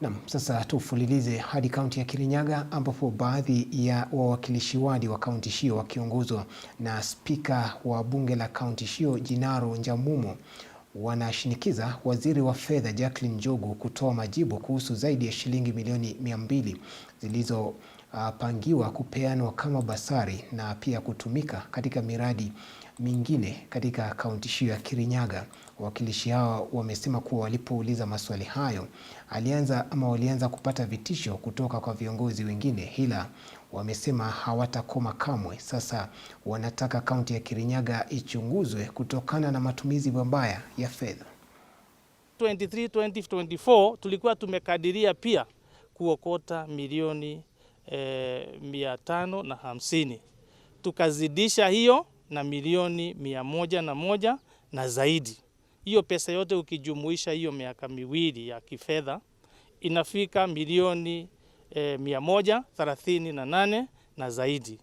Nam, sasa tufululize hadi kaunti ya Kirinyaga ambapo baadhi ya wawakilishi wadi wa kaunti hiyo wakiongozwa na spika wa bunge la kaunti hiyo Jinaro njamumo wanashinikiza waziri wa fedha Jacqueline Njogu kutoa majibu kuhusu zaidi ya shilingi milioni mia mbili zilizopangiwa uh, kupeanwa kama basari na pia kutumika katika miradi mingine katika kaunti hiyo ya Kirinyaga. Wawakilishi hao wamesema kuwa walipouliza maswali hayo alianza ama walianza kupata vitisho kutoka kwa viongozi wengine, ila wamesema hawatakoma kamwe. Sasa wanataka kaunti ya Kirinyaga ichunguzwe kutokana na matumizi mabaya ya fedha. 23 2024 tulikuwa tumekadiria pia kuokota milioni eh, mia tano na hamsini tukazidisha hiyo na milioni mia moja na moja na zaidi hiyo pesa yote ukijumuisha hiyo miaka miwili ya kifedha inafika milioni e, mia moja thelathini na nane na zaidi,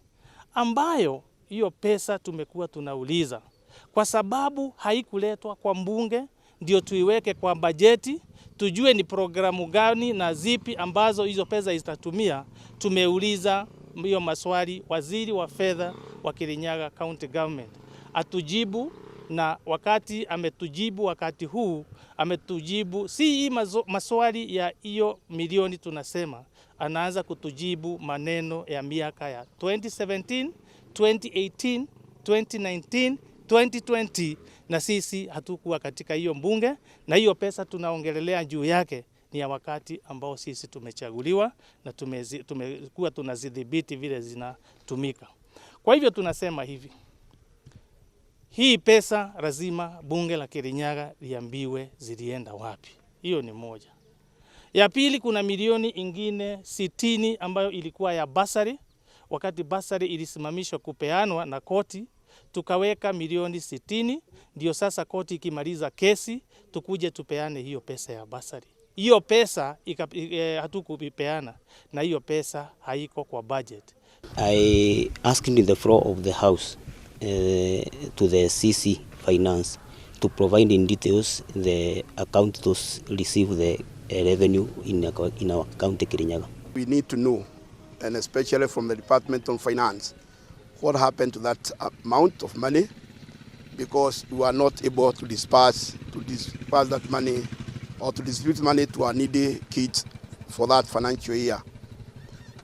ambayo hiyo pesa tumekuwa tunauliza kwa sababu haikuletwa kwa mbunge, ndio tuiweke kwa bajeti tujue ni programu gani na zipi ambazo hizo pesa zitatumia. Tumeuliza hiyo maswali waziri wa fedha wa Kirinyaga County Government atujibu na wakati ametujibu wakati huu ametujibu si hii maswali ya hiyo milioni tunasema, anaanza kutujibu maneno ya miaka ya 2017, 2018, 2019, 2020 na sisi hatukuwa katika hiyo mbunge, na hiyo pesa tunaongelelea juu yake ni ya wakati ambao sisi tumechaguliwa na tumekuwa tunazidhibiti vile zinatumika. Kwa hivyo tunasema hivi hii pesa lazima bunge la Kirinyaga liambiwe zilienda wapi. Hiyo ni moja. Ya pili, kuna milioni ingine sitini ambayo ilikuwa ya basari. Wakati basari ilisimamishwa kupeanwa na koti, tukaweka milioni sitini ndio sasa koti ikimaliza kesi tukuje tupeane hiyo pesa ya basari. Hiyo pesa e, hatukupeana na hiyo pesa haiko kwa budget. I asking in the floor of the house Eh, to the CC Finance to provide in details the account to receive the eh, revenue in in our county Kirinyaga. We need to know and especially from the Department of Finance what happened to that amount of money because we are not able to disperse to disperse that money or to distribute money to our needy kids for that financial year.